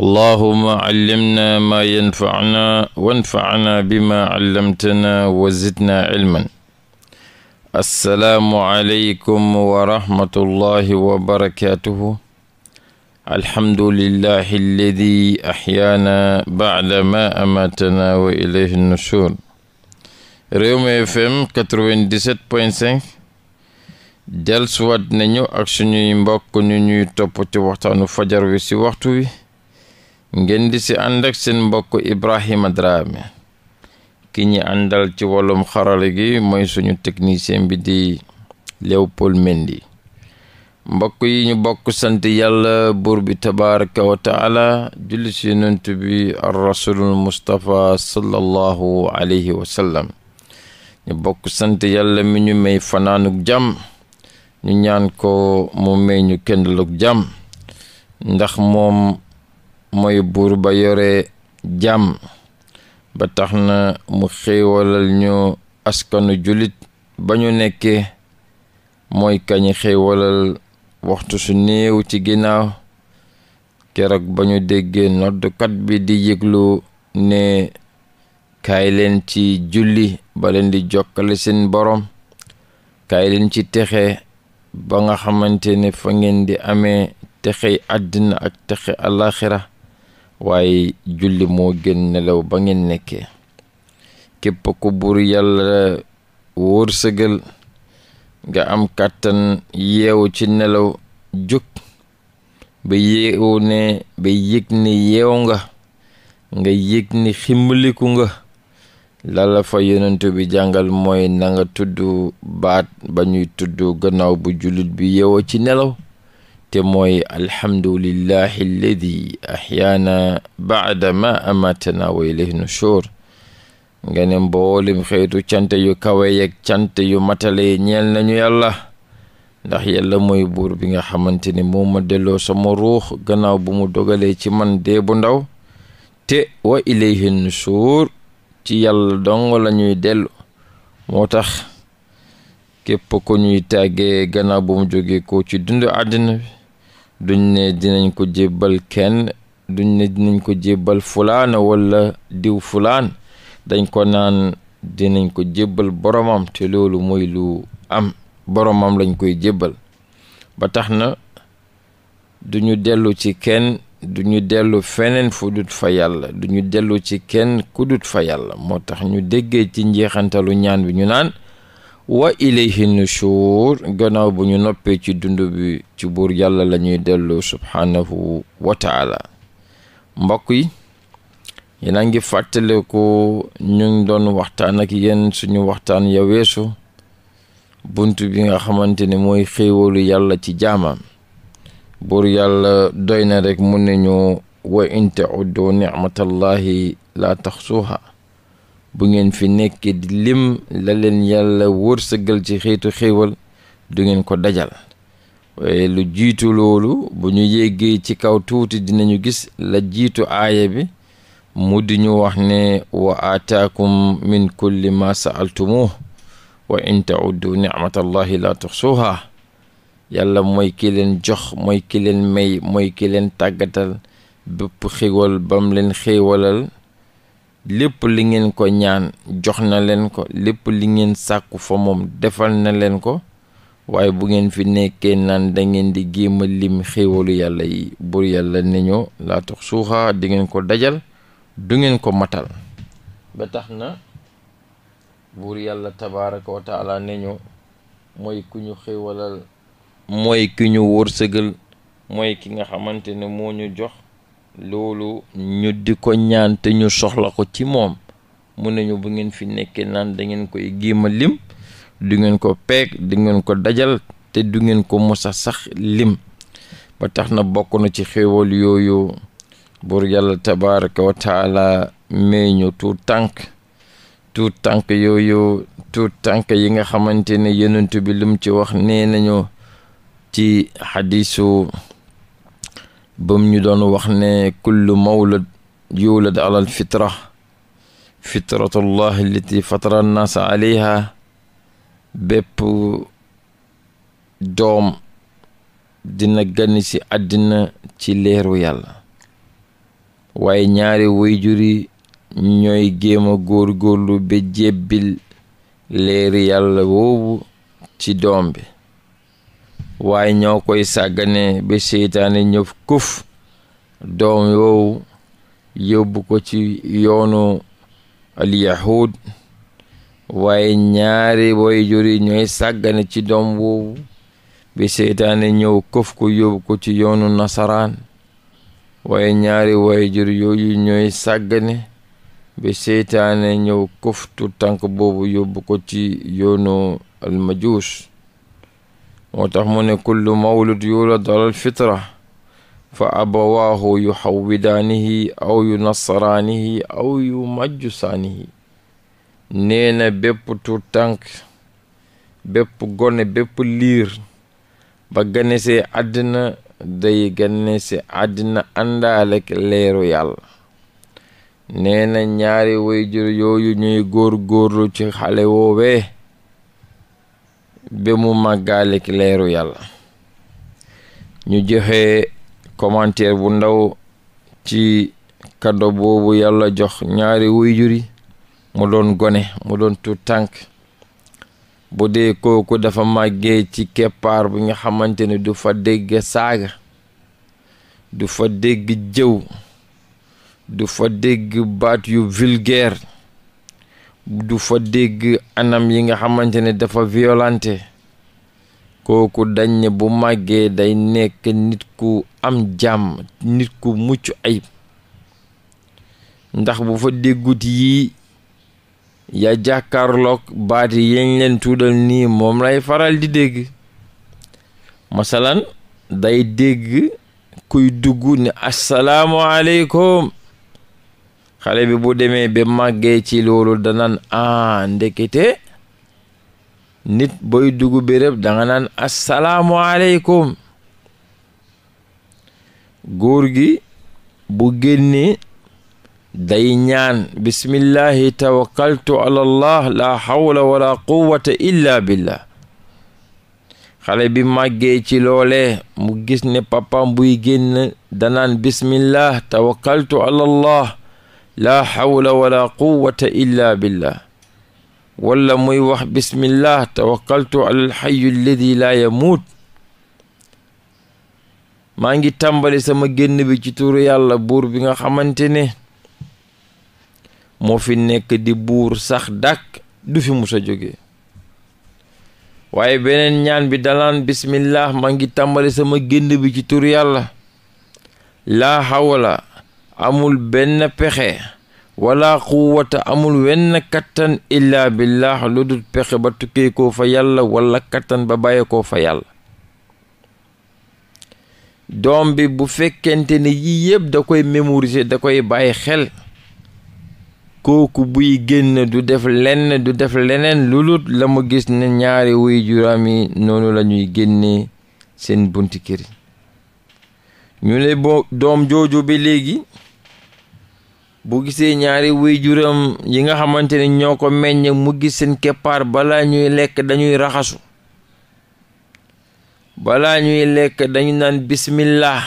allahuma callimna maa yanfacnaa wanfacnaa bimaa callamtanaa wa zidnaa cilman assalaamu aleykum wa rahmatullahi wa barakaatuhu alhamdulillahi alladi axyaana bacda ma amaatanaa wa ilayhi nushur Rewmi FM 97.5 delsuwaat nañu ak suñuy mbokk ñu ñuy topp ci waxtaanu fajar wi ci waxtu wi ngeen di si ànd seen mbokk Ibrahima Drame ki ñi àndal ci wàllum xarala gi mooy suñu technicien bi di Léopold Mendy mbokk yi ñu bokk sant yàlla buur bi tabaraka wa taala julli si yonent bi ar rasulul mustapha sallallahu alayhi wa ñu bokk sant yàlla mi ñu may fanaanuk jàmm ñu ñaan ko mu may ñu kendaluk jàmm ndax moom mooy buur ba yore jàmm ba tax na mu xéewalal ñu askanu jullit ba ñu nekkee mooy kañi xéewalal waxtu su néew ci ginnaaw keroog ba ñu déggee noddkat bi di yëglu ne kaay leen ci julli ba leen di jokkale seen boroom kaay leen ci texe ba nga xamante ne fa ngeen di amee texey àddina ak texe àllaaxira waaye julli moo gën nelaw ba ngeen nekkee képp ku buur yàlla wërsëgal nga am kàttan yeewu ci nelaw jóg ba yeewu ne ba yëg ni yeew nga nga yëg ni ximmaliku nga lala fa yonent bi jàngal mooy nanga nga tudd baat ba ñuy tudd gannaaw bu jullit bi yeewoo ci nelaw te mooy alhamdulillahi alladi ahyaana baada ma amatana wa ilayhi nushur nga ne mboolem xeetu cant yu kawe yeeg cant yu matale ñeel nañu yàlla ndax yalla mooy buur bi nga xamante ne moo ma delloo sama ruux gannaaw bu mu dogalee ci man dee bu ndaw te wa ilayhi nushur ci yàlla dong la ñuy dellu moo tax képp ko ñuy tàggee gannaaw bu mu jógee ko ci dundu àddina duñ ne dinañ ko jébbal kenn duñ ne dinañ ko jébbal fulaana wala diw fulaan dañ ko naan dinañ ko jébbal boromam te loolu mooy lu am boromam lañ koy jébbal ba tax na duñu dellu ci kenn duñu dellu feneen fu dut fa yàlla duñu dellu ci kenn ku dut fa yàlla moo tax ñu déggee ci njeexantalu ñaan wi ñu naan wa ilayhi nushur gannaaw bu ñu noppee ci dund bi ci buur yàlla la ñuy dellu subhaanahu wa taala mbokk yi yéen a ngi fàttaleku ñu doon waxtaan ak yéen suñu waxtaan ya weesu bunt bi nga xamante ne mooy xéewalu yàlla ci jaamam buur yàlla doy na rek mun nañu wa in ta'uddu ni'matallahi la taxsuha bu ngeen fi nekkee lim la leen yàlla wërsëgal ci xiitu xéewal du ngeen ko dajal lu jiitu loolu bu ñu yéggee ci kaw tuuti dinañu gis la jiitu aaya bi mu di ñu wax ne wa aataakum min kulli ma saaltumuh wa in tauddu nicmatallahi la tuxsuha yàlla mooy ki leen jox mooy ki leen may mooy ki leen tàggatal bépp xéewal bam leen xéewalal lépp li ngeen ko ñaan jox na leen ko lépp li ngeen sàkku fa moom defal na leen ko waaye bu ngeen fi nekkee naan dangeen di géem a lim xéewalu yàlla yi bur yàlla ne ñoo laa tax suuxa di ngeen ko dajal du ngeen ko matal ba tax na buur yàlla tabaaraka wa taala ñoo mooy ku ñu xéewalal mooy ki ñu wërsëgal mooy ki nga xamante ne moo ñu jox loolu ñu di ko ñaan te ñu soxla ko ci moom mu nañu ba ngeen fi nekkee naan dangeen ngeen koy géema lim du ngeen ko peeg du ngeen ko dajal te du ngeen ko mosa sax lim ba tax na bokk na ci xéewal yooyu buur yàlla tabaraka wa taala ñu tuut tànk tuut tànk yooyu tuut tànk yi nga xamante ne yonent bi lim ci wax nee nañu ci xadiisu bam ñu doon wax ne kullu mawlad yulad ala al fitra fitratullah allati fatara annaasa bépp doom dina gann ci àddina ci leeru yàlla waaye ñaari wayjuri ñooy géema a góorgóorlu ba jébbil leeru yàlla woowu ci doom bi waaye ñoo koy sàggane ba seytaane ñëf kuf doom yoowu yóbbu ko ci yoonu alyahud waaye ñaari way juri ñooy sàggane ci doom woowu bi seytaane ñëw këf ko yóbbu ko ci yoonu nasaraan waaye ñaari way juri yooyu ñooy sàggane bi seytaane ñëw këftu tànk boobu yóbbu ko ci yoonu almajuus moo tax mu ne kullu mawlud yulad alal fitra fa abawaahu yu xawwidaanihi aw yu nasaraanihi aw yu majjusaanihi neena na bépp tuut bépp gone bépp liir ba ganesee àddina day ganese àddina àndaalek leeru yàlla nee ñaari wayjur yooyu ñuy góor góorlu ci xale woowee ba mu leeru yàlla ñu joxe commentaire bu ndaw ci kado boobu yàlla jox ñaari wuyjur yi mu doon gone mu doon tuut tànk bu dee kooku dafa màggee ci keppaar bi nga xamante ne du fa dégg saaga du fa dégg jëw du fa dégg baat yu vulgaire du fa dégg anam yi nga xamante ne dafa violante kooku dañ bu màggee day nekk nit ku am jàmm nit ku mucc ayib ndax bu fa déggut yii ya jàkkaarloog baat yeñ leen tuudal nii moom lay faral di dégg masalan day dégg kuy dugg ne asalaamaaleykum xale bi bu demee ba màggee ci loolu danaan a ah, ndekete nit booy dugg béréb danga naan asalaamualeykum góor gi bu génnee day ñaan bismillahi tawakkaltu ala allah la hawla wala quwwata illa billah xale bi màggee ci loolee mu gis ne papam buy génn danaan bismillah tawakkaltu ala laa hawla wala quwata illa billah wala muy wax bismillah tawakkaltu alal hayyu alladi laa yamuut maa ngi tàmbali sama génn bi ci turu yàlla buur bi nga xamante ne moo fi nekk di buur sax dàkk du fi musa a jóge waaye beneen ñaan bi dalaan bismillah maa ngi tàmbali sama génn bi ci turu yàlla laa hawla amul benn pexe wala quwwata amul wenn kattan illaa billah lu dul pexe ba tukkee koo fa yàlla wala kattan ba bàyyee fa yàlla doom bi bu fekkente ne yii yépp da koy mémoriser da koy bàyyi xel kooku buy génn du def lenn du def leneen lulut la mu gis ne ñaari wuy juraam yi noonu lañuy ñuy génnee seen bunti kër ñu ne doom jooju bi léegi bu gisee ñaari waajuram yi nga xamante ne ñoo ko meññ mu gis seen keppaar balaa ñuy lekk dañuy raxasu balaa ñuy lekk dañu naan bismillah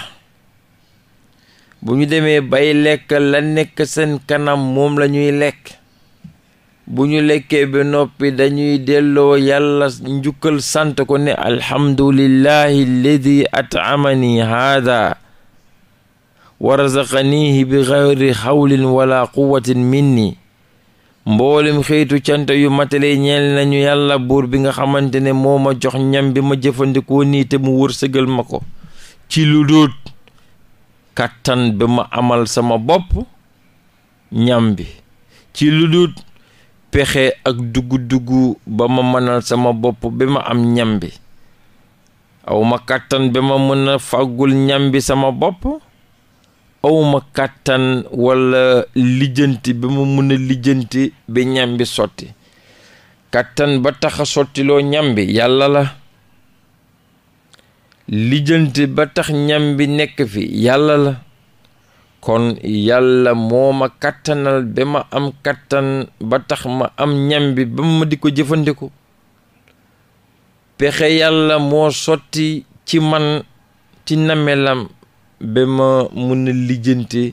bu ñu demee bay lekk la nekk seen kanam moom la ñuy lekk bu ñu lekkee ba noppi dañuy delloo yàlla njukkal sant ko ne alhamdulillahi alladi atamani haada wa razaqanihi bi xayri xawlin wala quwatin nii mboolem xeetu cant yu matale ñeel nañu yàlla buur bi nga xamante ne moo ma jox ñam bi ma jëfandikoo nii te mu wërsëgal ma ko ci lu dul kàttan bi ma amal sama bopp ñam bi ci lu dul pexe ak dugg-dugg ba ma mënal sama bopp bi ma am ñam bi aw ma kàttan bi ma mën a fàggul ñam bi sama bopp awma kàttan walla lijjanti bi mu mun a lijjanti ba ñam sotti kàttan ba tax a sottiloo ñambi bi yàlla la lijjanti ba tax ñam nekk fi yàlla la kon yàlla moo ma kàttanal ba ma am kàttan ba tax ma am ñambi bi ba ma di ko jëfandikoo pexe yàlla moo sotti ci man ci namelam ba ma mun a lijjanti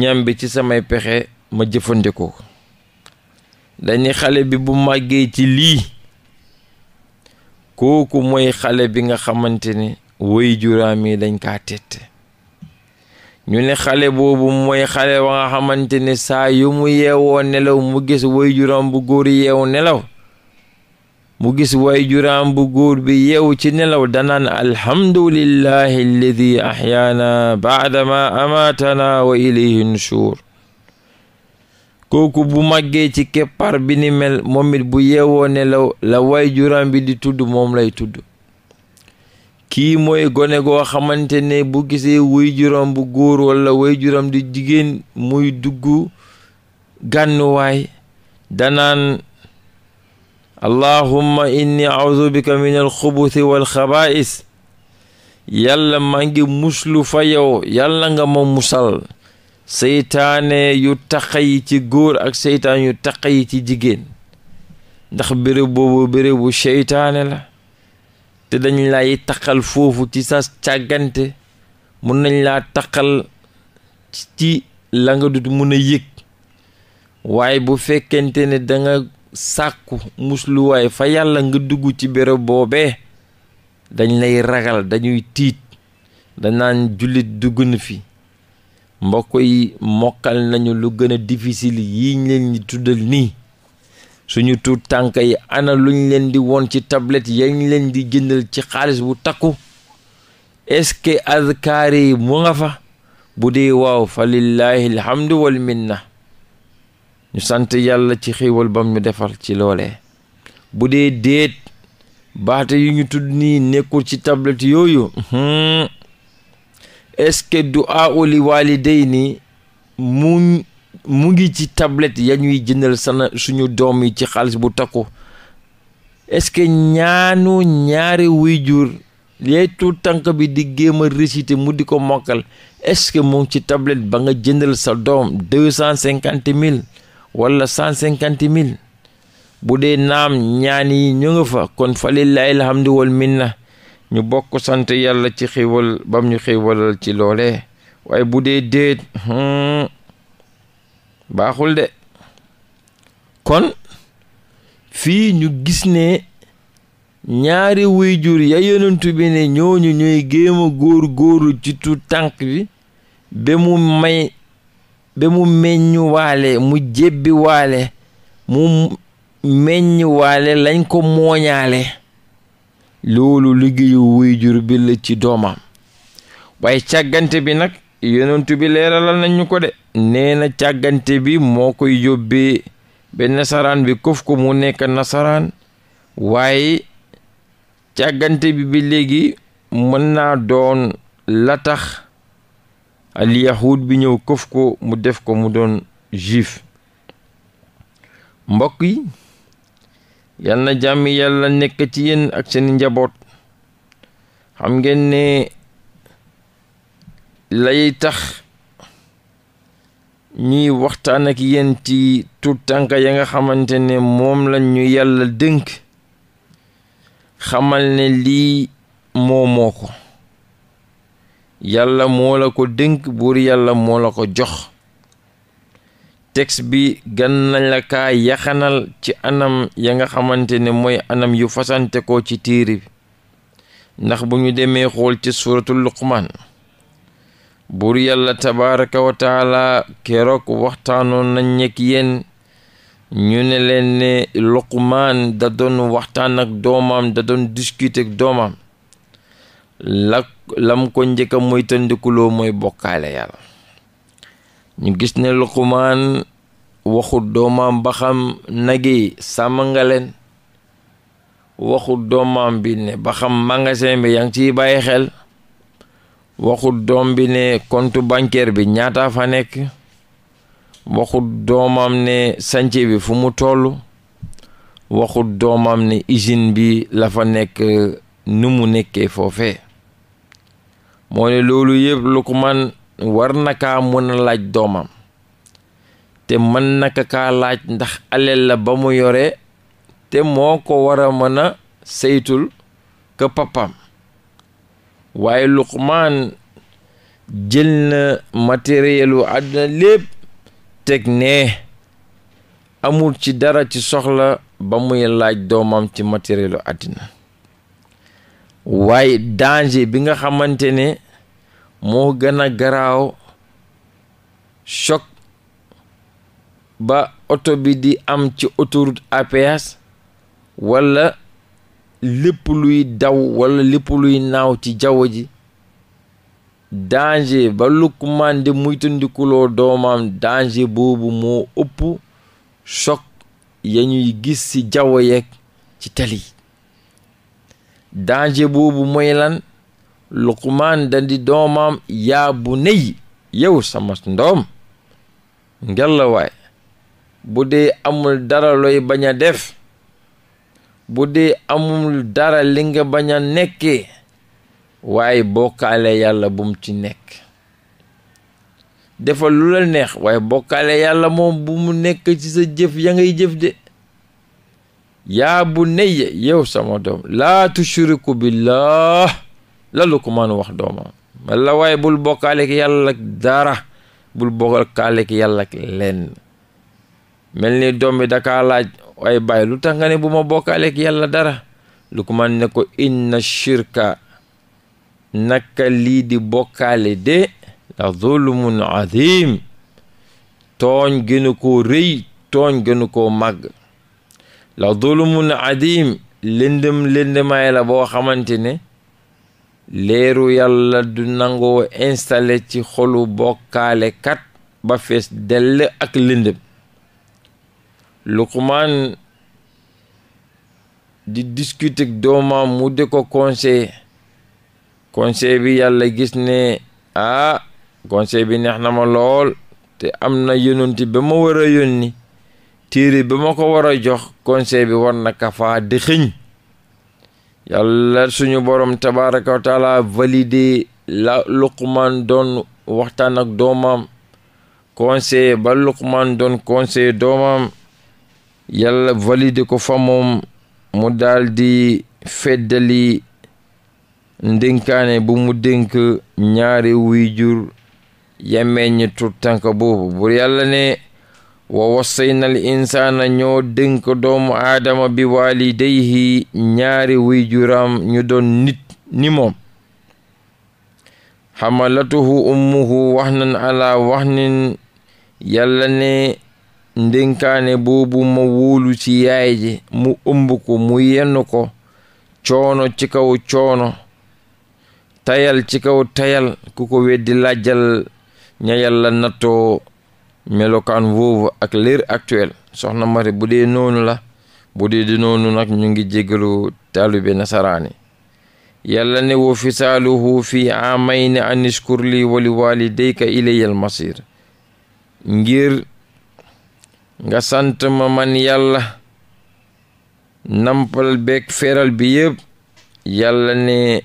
ñam bi ci samay pexe ma jëfandikoo ko xale bi bu màggee ci lii kooku mooy xale bi nga xamante ni woy juraam yi dañ kaa tette ñu ne xale boobu mooy xale ba nga xamante ne saa yu mu yeewoo nelaw mu gis woy juraam bu góor yeewu nelaw mu gis way juram bu góor bi yeewu ci nelaw danaan alhamdulillahi alladi ahyaana baadama amaatana wa ilayhi nushuur kooku bu màggee ci keppar bi ni bu yeewoo nelaw la waajuraam bi di tudd moom lay tudd kii mooy gone goo xamante ne bu gisee waajuram bu góor walla waajuram di jigéen muy dugg gànnuwaay danaan allahumma inni audu bika min alxubuthi walxabaa'is yàlla maa ngi muslu fa yow yàlla nga ma musal seytaane yu taqay ci góor ak seytaane yu taqay ci jigéen ndax béréb boobu bérébu seytaane la te dañ lay taqal foofu ci sa càggante mun nañ laa taqal ci la nga dut mun a yëg waaye bu fekkente ne danga sàkku musluwaay fa yàlla nga dugg ci béréb boobee dañ lay ragal dañuy tiit danaan jullit dugg na fi mbokk yi mokkal nañu lu gën a difficile yiñ leen di tuddal nii suñu tuut tànk yi ana luñ leen di won ci tablette yañ leen di jëndal ci xaalis bu takku est-ce mu nga fa bu dee waaw fa lillahi alhamdu wal minna ñu sant yàlla ci xéewal bam ñu defal ci loole bu dee déet baate yu ñu tudd nii nekkul ci tablette yooyu hmm. est-ce du aoli waalidey ni mu mu ngi ci tablette ya ñuy jëndal suñu doom yi ci xaalis bu takku est-ce que ñaanu ñaari waajur yee tuut tànk bi di géem a réciter mu di ko mokkal est-ce que mu ci tablette ba nga jëndal sa doom deux cent cinquante mille wala cent cinquante mille bu dee naam ñaan yi ñu nga fa kon fa lillahi alhamdu wal minna ñu bokk sant yàlla ci xéwal bam ñu xéwalal ci loole waaye bu dee déet hmm, baaxul de kon fii ñu gis ne ñaari wayjur ya yonentu bi ne ñooñu ñooy géem a góor góoru ci tu tànk bi ba mu may ba mu meññu waale mu jébbi waale mu meññ waale lañ ko mooñaale loolu liggéeyu wuyjur bi la ci doomam waaye càggante bi nag yonentu bi leeralal nañ ñu ko de nee na càggante bi moo koy yóbbee ba nasaraan bi kof ko mu nekk nasaraan waaye càggante bi bi léegi mën naa doon la tax al bi ñëw këf ko mu def ko mu doon juif mbokk yi yal na jàmm yàlla nekk ci yenn ak seen njaboot xam ngeen ne lay tax ñuy waxtaan ak yéen ci tuut tànk ya nga xamante ne moom lañ ñu yàlla dënk xamal ne lii moomoo ko yàlla moola ko dénk buur yàlla moo la ko jox texte bi gan nañ la kaa yaxanal ci anam ya nga xamante ne mooy anam yu fasante ko ci tiiri bi ndax bu ñu demee xool ci suuratu luqmaan buur yàlla tabaraka wa keroog waxtaanoon nañ ñekk yenn ñu ne leen ne luqmaan da doon waxtaan ak doomam da doon discuter doomam la lam ko njëkk a muy tëndikuloo mooy bokkaale yàlla ñu gis ne luqumaan waxut doomaam ba xam nagi sàmm nga leen waxut doomaam bi ne ba xam magasin bi yaa ngi ciy bàyyi xel waxut doom bi ne compte bancaire bi ñaata fa nekk waxut doomam ne sance bi fu mu toll waxut doomam ne isin bi la fa nekk nu mu nekkee foofe moo ne loolu yëpp Luqmaan war na kaa mën a laaj doomam te mën naka kaa laaj ndax ale la ba mu yore te moo ko war a mën a saytul ka pappam waaye Luqmaan jël na matériel wu lépp teg nee amul ci dara ci soxla ba muy laaj doomam ci matériel àddina waaye danger bi nga xamante ne moo gën a garaaw choc ba oto bi di am ci autoroute aps péage wala lépp luy daw wala lépp luy naaw ci jaww ji danger ba Lukmaan di muy tundikuloo doomam danger boobu moo ëpp choc ya ñuy gis ci jaww yeeg ci tali danger boobu moy lan luqmaan dandi doomam yaa bu ney yow sama ndoom ngelawaay bu dee amul dara looy bañ a def bu dee amul dara linga nga bañ a nekkee waaye bokkaale yàlla bum ci nekk defal lu la neex waaye bokkaale yàlla moom bu nekk ci sa jëf ya ngay jëf de yaa bunayya yow sama doom laa tushriku billah la Luqmaan wax doomam la waaye bul bokkaale ki yàlla ak dara bul bokkaale ki yàlla ak lenn mel ni doom bi dakaa laaj waaye bàyyi lu tax bu ma bokkaale ki yàlla dara Luqmaan ne ko inna shirka naka lii di bokkaale de la zulmun azim tooñ gënu koo rëy tooñ gënu koo màgg la dulumun adim lëndëm lëndëmaay la boo xamante ne leeru yàlla du nangoo installé ci xolu bokkaale kat ba fees dell ak lëndëm Luqmaan di discuter doomam mu di ko conseil conseil bi yàlla gis ne ah conseil bi neex na ma lool te am na yonent ba ma war a yónni téere ba ma ko war a jox conseil bi war na kafaa di xëñ suñu borom tabaraka wa taala validé doon waxtaan ak doomam conseil ba luqmaan doon conseil doomam yàlla validé ko fa mu daldi di feddali ndénkaane bu mu dénk ñaari wuy jur yameñ tut tànk boobu ne wa wassayna al insaana ñoo dénk doomu aadama bi waalidayhi ñaari wuyjuram ñu doon nit ni moom xamalatuhu ummuhu wax nan ala wax yàlla ne ndénkaane boobu ma wóolu ci yaay ji mu ëmb ko mu yenn ko coono ci kaw coono tayal ci kaw tayal ku ko weddi lajjal ña yàlla nattoo melokaan woowu ak l'heure actuelle soxna mari bu dee noonu la bu dee di noonu nag ñu ngi jégalu taalibe nasaraani yàlla ne wa fisaaluhu fi amayni an ishkur li wali walidayka ilayal masir ngir nga sant ma man yàlla nampal beeg feeral bi yëpp yàlla ne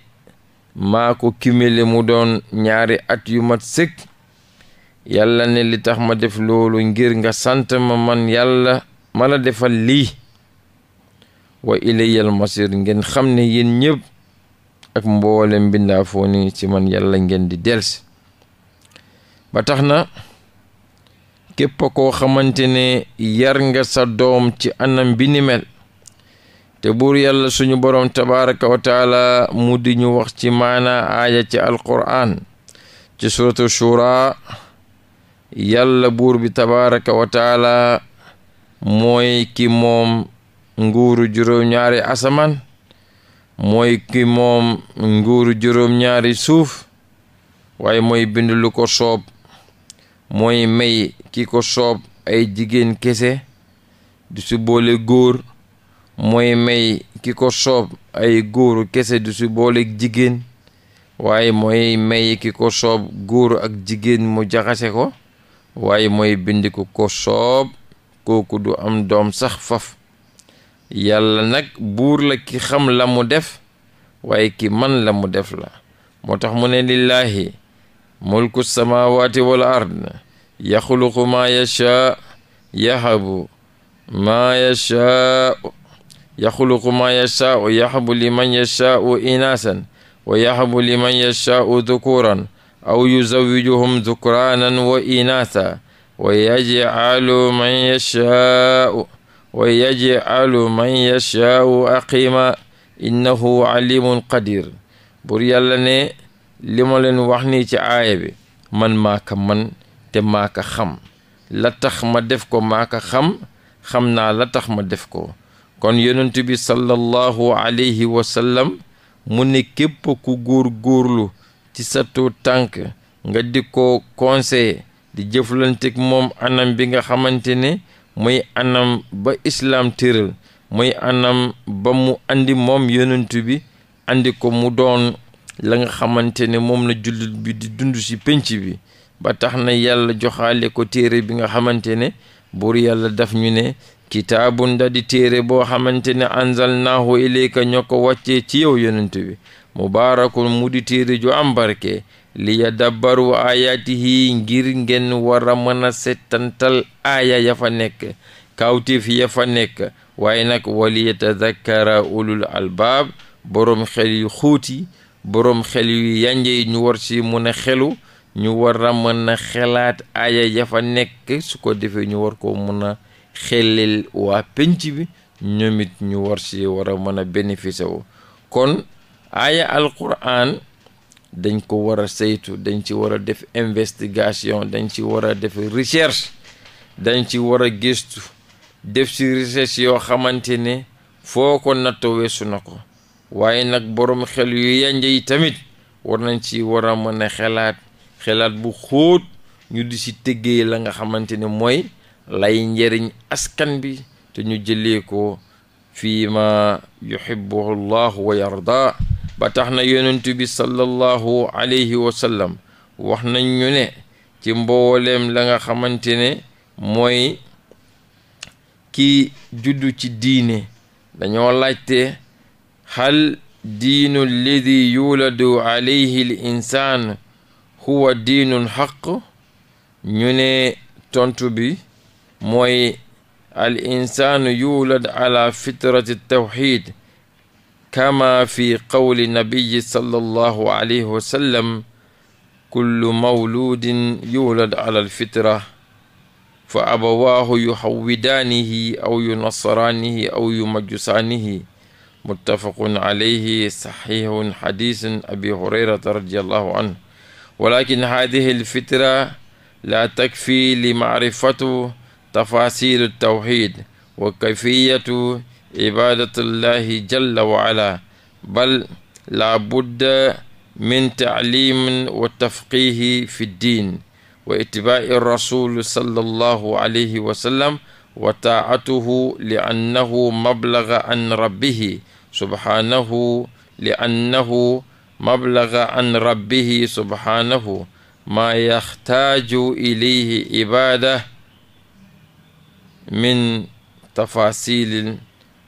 maako ko mu doon ñaari at yu mat sëkk yàlla ne li tax ma def loolu ngir nga sant ma man yàlla mala defal lii wa ilayal masir ngeen xam ne yéen ñépp ak mboole mbindaa foo ni ci man yàlla ngeen di delsi ba tax na képp koo xamante ne yar nga sa doom ci anam bi te buur yàlla suñu boroom tabaraka wa mu di ñu wax ci maanaa aaya ci alquran ci suratu shura yàlla buur bi tabaraka wa taala mooy ki moom nguuru juróom-ñaari asamaan mooy ki moom nguuru juróom-ñaari suuf waaye mooy bind lu ko soob mooy may ki ko soob ay jigéen kese du si boole góor mooy may ki ko soob ay góoru kese du si boole jigéen waaye mooy may ki ko soob góor ak jigéen mu jaxase ko waaye mooy bind ku ko soob kooku du am doom sax faf yàlla nag buur la ki xam la mu def waaye ki man la mu def la moo tax mu ne lillaahi mulku samaawaati wal ard yaxluqu maa yashaa yahabu maa yashaa yaxluqu maa yashaa yahabu liman yashaa inaasan wa yahabu liman yashaa dhukuran aw yuzawijuhum dukraanan wa inaasa wa yajcalu man yashaau wa yajcalu man yashaau aqima innahu alimun qadir bur yàlla ne li ma leen wax nii ci aaya bi man maaka man te maaka xam la tax ma def ko maaka xam xam naa la tax ma def ko kon yonent bi sallallahu alayhi wa mu ne képp ku góor ci sa tuut tànk nga di ko conseiller di jëflanteeg moom anam bi nga xamante ne muy anam ba islaam tëral muy anam ba mu andi moom yonent bi andi ko mu doon la nga xamante ne moom la jullit bi di dund ci pénc bi ba tax na yàlla joxale ko téere bi nga xamante ne buur yàlla daf ñu ne kitaabun da di téere boo xamante ne anzalnaahu ilayka ñoo ko wàccee ci yow yonent bi mubaarakun mu di téere ju am barke li yadabbaru aayaatihi ngir ngeen war a mën a settantal aya yafa nekk kawtéef ya fa nekk waaye nag wali yatadakkara ulul albaab boroom xel yu xuuti boroom xel yu yanjey ñu war si mun a xelu ñu wara a mën a xelaat aya yafa nekk su ko defee ñu war ko mun a xelel waa penc bi ñoom it ñu war si wara mëna mën a kon aaya alquran dañ ko war a saytu dañ ci war a def investigation dañ ci war a def richerche dañ ci war a gëstu def ci recherche yoo xamante ne foo ko nattoo weesu na ko waaye nag boroom xel yu yànje yi tamit war nañ ci war a mën a xelaat xelaat bu xóot ñu di ci tëggee la nga xamante ne mooy lay njëriñ askan bi te ñu jëlee ko fii ma yuhibbuhu llahu wa yarda ba tax na yonent bi sallallahu alayhi wa sallam wax nañ ñu ne ci mbooleem la nga xamante ne mooy ki juddu ci diine dañoo laajte hal diinu lladi yuladu alayhi l insaan huwa diinun xaq ñu ne tontu bi mooy al insaanu yulad ala fitrati tawxid kama fi qawli nabiyi sallallahu alayhi wa sallam kullu mawluudin yuwlad ala alfitra fa abawaahu yuhawwidaanihi aw yunassaraanihi aw yumajjusaanihi muttafaqun alayhi saxiihun xadiisun abi hurayrata radiyallahu anhu walakin haadihi alfitra laa takfi li maarifatu tafaasilu tawxiid wa kayfiyatu ibaadatullahi jalla wa ala bal laa budda min taalimin wa tafqihi fi diin wa itibaa'i rasuli sallallahu alayhi wa sallam wa taa'atuhu li annahu mablaga an rabbihi subhaanahu li annahu mablaga an rabbihi subhaanahu maa yaxtaaju ilayhi ibaada min tafasilin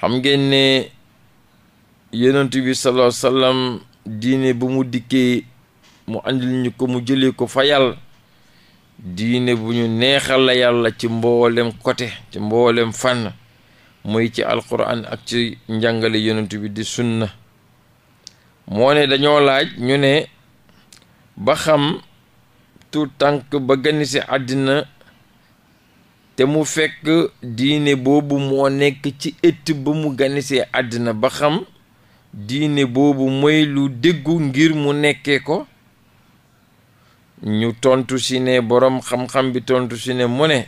xam ngeen ne yonent bi sallallahu alayhi wa diine bu mu dikkee mu andil ñu ko mu jëlee ko fa yàlla diine bu ñu neexal la yàlla ci mboolem côté ci mboolem fànn muy ci alxuraan ak ci njàngale yonent bi di sunna moo ne dañoo laaj ñu ne ba xam tu tànk ba gani ci àddina te mu fekk diine boobu moo nekk ci ëtt ba mu ganisee àddina ba xam diine boobu mooy lu déggu ngir mu nekkee ko ñu tontu ci ne boroom xam-xam bi tontu si ne mu ne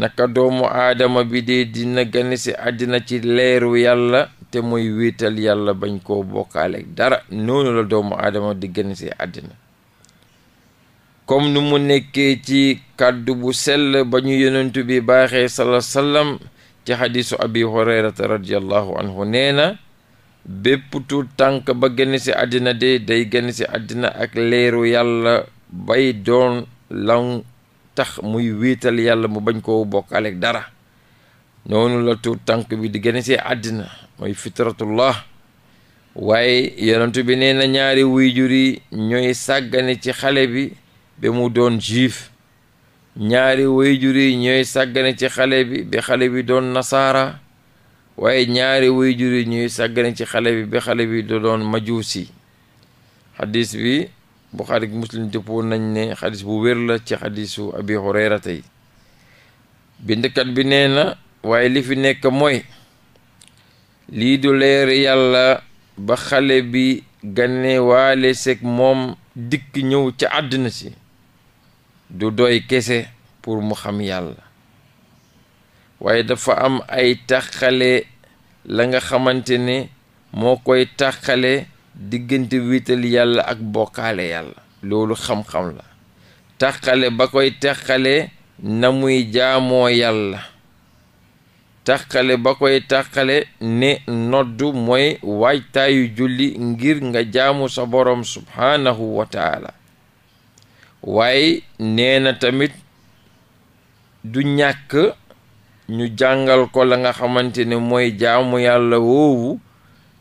naka doomu aadama bi dee dina ganesi àddina ci leeru yàlla te mooy wéetal yàlla bañ koo bokkaale dara noonu la doomu aadama di ganesi àddina comme nu mu nekkee ci kàddu bu sell ba ñu yonent bi baaxee sala sallam ci xadisu abi hurayrata radiallahu anhu nee na bépp tuut tànk ba génn ci àddina de day génn ci àddina ak leeru yàlla bay doon lan tax muy wiital yàlla mu bañ koo bokkaale ak dara noonu la tuut tànk bi di génn ci àddina mooy fitratullah waaye yonent bi nee na ñaari wuyjur yi ñooy sàggane ci xale bi bi mu doon juif ñaari wayjur yi ñooy sàggane ci xale bi bi xale bi doon nasaara waaye ñaari wayjur yi ñooy sàggane ci xale bi bi xale bi doon majuusi xadis bi buxaari muslim dëppoo nañ ne xadis bu wér la ci xadisu abi hurayra tey bindkat bi nee na waaye li fi nekk mooy lii du leer yàlla ba xale bi ganne waale seg moom dikk ñëw ca àddina si du doy kese pour mu xam yàlla waaye dafa am ay taxale la nga xamante ne moo koy taxale diggante wital yàlla ak bokkaale yàlla loolu xam-xam la taxale ba koy taxale na muy jaamoo yàlla taxale ba koy taxale ne noddu mooy waajtaayu julli ngir nga jaamu sa borom subhaanahu wa waaye neena tamit du ñàkk ñu jàngal ko la nga xamante ne mooy jaamu yàlla woowu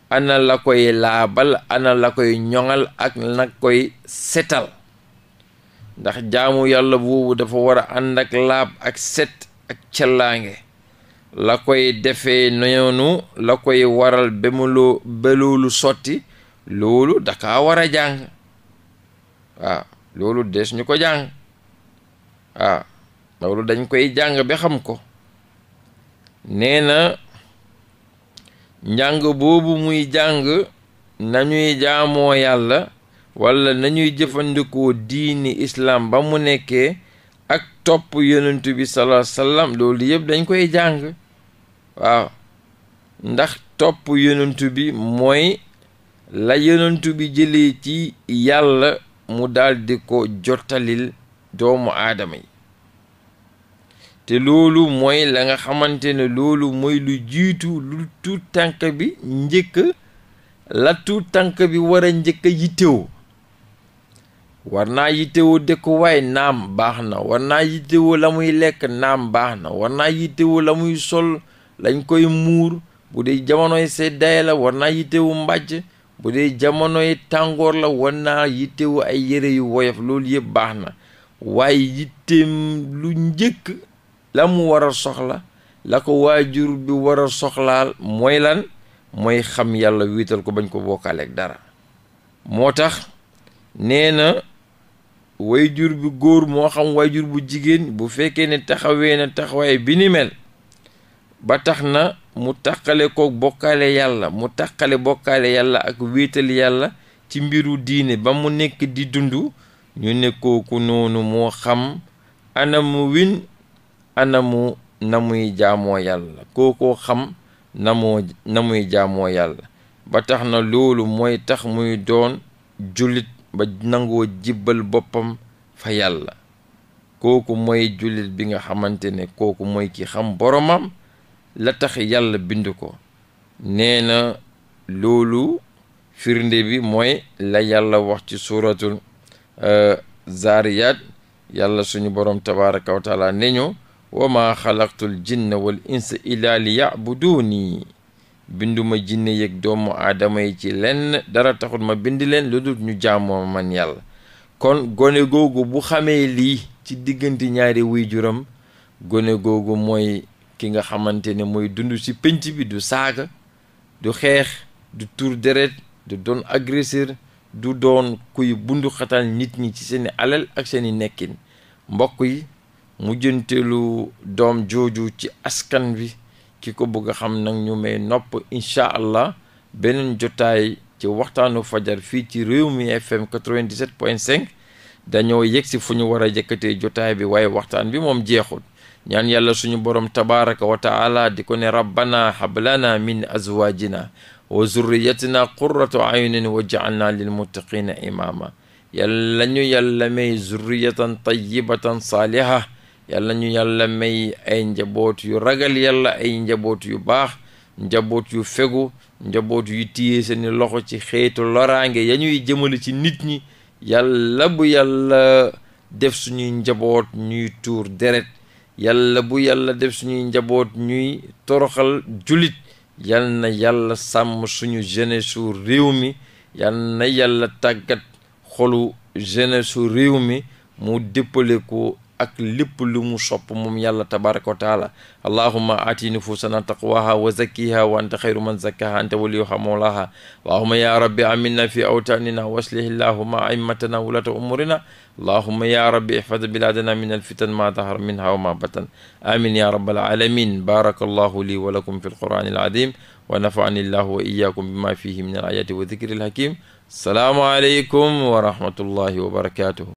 ana la koy laabal ana la koy ñoŋal ak nag koy setal ndax jaamu yàlla woowu dafa war a ànd ak laab ak set ak cellaange la koy defee noonu la koy waral ba loolu sotti loolu daka wara a jàng loolu des ñu ko jàng ah loolu dañ koy jàng bi xam ko nee na njàng boobu muy jàng nañuy jaamoo yàlla walla nañuy jëfandikoo diini islaam ba mu nekkee ak topp yonent bi sallallahu alayhi loolu yëpp dañ koy jàng waaw ndax topp yonent bi mooy la yonent bi jëlee ci yàlla mu daldi ko jottalil doomu aadama yi te loolu mooy la nga xamante ne loolu mooy lu jiitu lu tuut tànk bi njëkk la tuut tànk bi war a njëkk a yittewoo war dëkkuwaay naam baax na war naa yittewoo la muy lekk naam baax na war naa yittewoo la muy sol lañ koy muur bu dee jamonoy seddaay la war naa mbàjj bu dee jamonoy tàngoor la wan naa yittewu ay yére yu woyof loolu yëpp baax na waaye yitteem lu njëkk la mu war a soxla la ko waajur bi war a soxlaal mooy lan mooy xam yàlla wiital ko bañ ko bokkaaleeg dara moo tax nee na waajur bi góor moo xam waajur bu jigéen bu fekkee ne taxawee na taxawaay bi ba tax na mu taqale ko bokkaale yàlla mu taqale bokkaale yàlla ak wéetal yàlla ci mbiru diine ba mu nekk di dund ñu ne kooku noonu moo xam anamu win anamu na muy jaamoo yàlla kookoo xam na moo na muy jaamoo yàlla ba tax na loolu mooy tax muy doon jullit ba nangoo jibal boppam fa yàlla kooku mooy jullit bi nga xamante ne kooku mooy ki xam boromam la tax yàlla bind ko nee na loolu firnde bi mooy la yàlla wax ci suuratul euh, zaariyaat yàlla suñu boroom tabaraka wa taala ne ñu wa maa xalaqtul jinna wal insa illa li yabuduuni binduma jinne yeeg doomu aadama yi ci lenn dara taxul ma bind leen lu dul ñu jaamoo man yàlla kon gone googu bu xamee lii ci diggante ñaari wuy juram gone googu mooy ki nga xamante ne mooy dund ci pénc bi du saaga du xeex du tur deret du doon agresseur du doon kuy bundu nit ñi ci seeni alal ak seeni nekkin mbokk yi mujjanteelu doom jooju ci askan bi ki ko bëgg a xam nag ñu may nopp incha allah beneen jotaay ci waxtaanu fajar fii ci réew mi fm 97 point 5 dañoo yegg si fu ñu war a yëkkatee jotaay bi waaye waxtaan bi moom jeexul ñaan yàlla suñu borom tabaraka wa taala di ko ne rabbana hablana min azwajina wa zurriyatina qurratu ayunin waj'alna lil muttaqina imama yàlla ñu yàlla may zurriyatan tayyibatan saaliha yàlla ñu yàlla may ay njaboot yu ragal yàlla ay njaboot yu baax njaboot yu fegu njaboot yu téye seeni loxo ci xeetu loraange ya ñuy jëmale ci nit ñi yàlla bu yàlla def suñuy njaboot ñuy tuur deret yàlla bu yàlla def suñuy njaboot ñuy toroxal julit yal na yàlla sàmm suñu jeunesse su réew mi yal na yàlla tàggat xolu jeunesse su réew mi mu déppale ko ak lépp lu mu sopp moom yàlla tabaraka wa taala allahuma aati nufusana taqwaha wa zakkiha wa anta xayru man zakkaha anta waliyuha mawlaha allahuma ya rabbi aminna fi awtanina waslih allahuma aimatana wulata umurina allahuma ya rabbi ihfad bilaadana min alfitan ma dahar minha wa ma batan amin ya rabbal alamin baraka allahu li wa lakum fi alqurani alazim wa nafani llahu wa iyakum bima fihi min alayati wa dikri alhakim salaamu aleykum wa rahmatullahi wa barakatuhu